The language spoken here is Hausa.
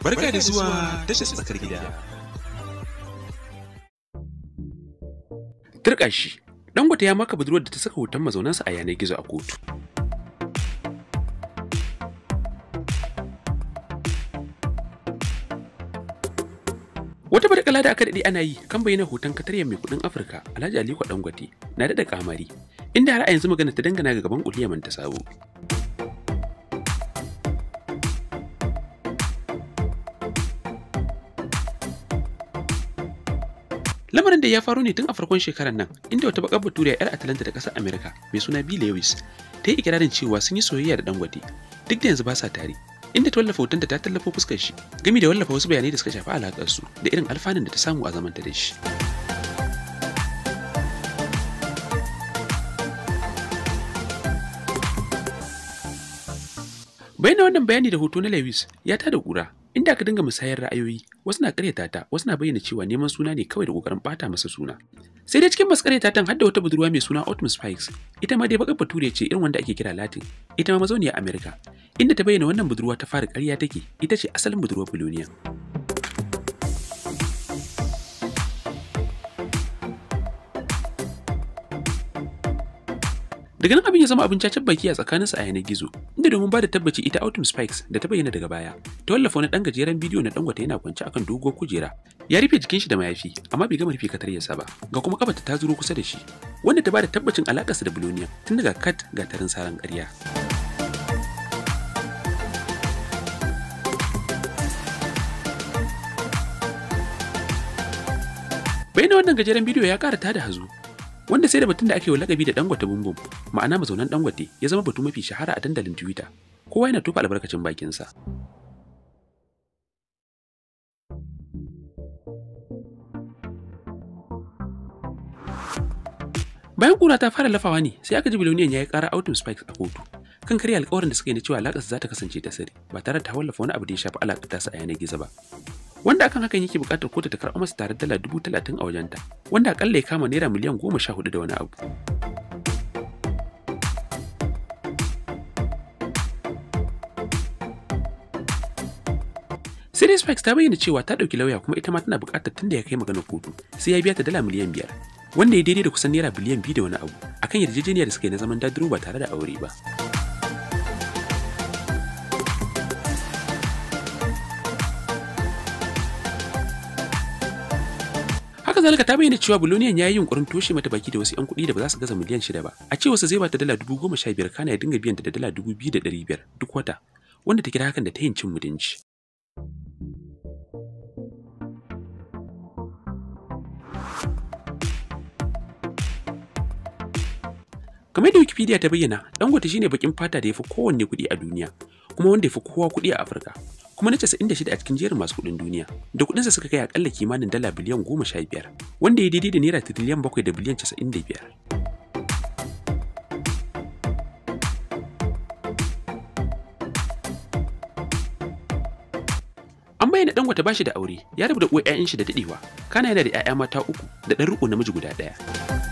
Barka da zuwa tashar tsakar gida. Turka shi, Dangote ya maka budurwar da ta saka hoton mazaunansa a yanar gizo a kotu. Wata badakala da aka daɗe ana yi kan bayyana hoton katarya mai kuɗin Afirka Alhaji Aliko Dangote na daɗa kamari, inda har a yanzu magana ta dangana ga gaban ƙuliyar ta sabo. Lamarin da ya faru ne tun a farkon shekarar nan, inda wata bakar baturiya 'yar Atlanta da ƙasar Amerika mai suna Bill Lewis ta yi ikirarin cewa sun yi soyayya da Dangote, duk da yanzu ba sa tare. Inda ta wallafa hotonta ta tallafo fuskar shi, gami da wallafa wasu bayanai da suka shafi su da irin alfanun da ta samu a zamanta da shi. Bayan wannan bayani da hoto na Lewis ya tada kura Inda ka dinga musayar ra'ayoyi, wasu na karyata ta, wasu na bayyana cewa neman suna ne kawai da kokarin bata masa suna. Sai dai cikin maskareta tan hadda wata budurwa mai suna Autumn Spikes, ita ma dai bakar bature ce irin wanda ake kira Latin, ita ma mazauniya Amerika, inda ta bayyana wannan budurwa ta fara karya take, ita ce asalin budurwar Polonia. Daga nan abin ya zama abin cacin baki a tsakaninsu a yanar gizo, inda domin ba da tabbaci ita Autumn Spikes da ta bayyana daga baya, ta wallafa wani ɗan gajeren bidiyo na Dangote yana kwance akan doguwar kujera. Ya rufe jikin shi da mayafi, amma bai gama rufe yasa ba, ga kuma kafarta ta zuro kusa da shi, wanda ta bada da tabbacin alakarsa da Bologna tun daga Kat ga tarin saran ƙarya. Bayan wannan gajeren bidiyo ya ƙara da hazo, wanda sai da batun da ake wa lakabi da Dangote Bumbum, ma'ana mazaunan Dangote ya zama batu mafi shahara a dandalin Twitter. Kowa yana tufa albarkacin bakinsa. Bayan kura ta fara lafawa ne, sai aka ji biloniyan ya yi ƙara autumn spikes a kotu. Kan karya alƙawarin da suka yi na cewa alaƙarsa za ta kasance ta sirri, ba tare da ta wallafa wani abu da ya shafi alaƙar tasa a yanar gizo ba. wanda akan hakan yake buƙatar kotu ta karɓa masa tare dala dubu talatin a wajenta wanda akalla ya kama naira miliyan goma sha hudu da wani abu Siri Spikes ta bayyana cewa ta ɗauki lauya kuma ita ma tana buƙatar tunda ya kai magana kotu sai ya biya ta dala miliyan biyar wanda ya daidai da kusan naira biliyan biyu da wani abu akan yarjejeniyar da suka yi na zaman dadiro ba tare da aure ba. Haka zalika ta bayyana cewa Buloniyan ya yi yunkurin toshe mata baki da wasu 'yan kuɗi da ba za su gaza miliyan shida ba. A cewarsa zai bata dala dubu goma sha biyar kana ya dinga biyan ta da dala dubu biyu da ɗari biyar duk wata, wanda ta kira hakan da ta yin cin mutunci. Kamar da Wikipedia ta bayyana, Dangote shine bakin fata da ya fi kowanne kuɗi a duniya, kuma wanda ya fi kowa kuɗi a Afirka. kuma na 96 a cikin jerin masu kuɗin duniya da kuɗinsa suka kai akalla kimanin dala biliyan 15 wanda ya daidai da naira tiriliyan 7 da biliyan 95 bayyana gwata bashi da aure ya rabu da uwa 'ya'yan shi da dadewa kana yana da 'ya'ya mata uku da ɗan riko namiji guda ɗaya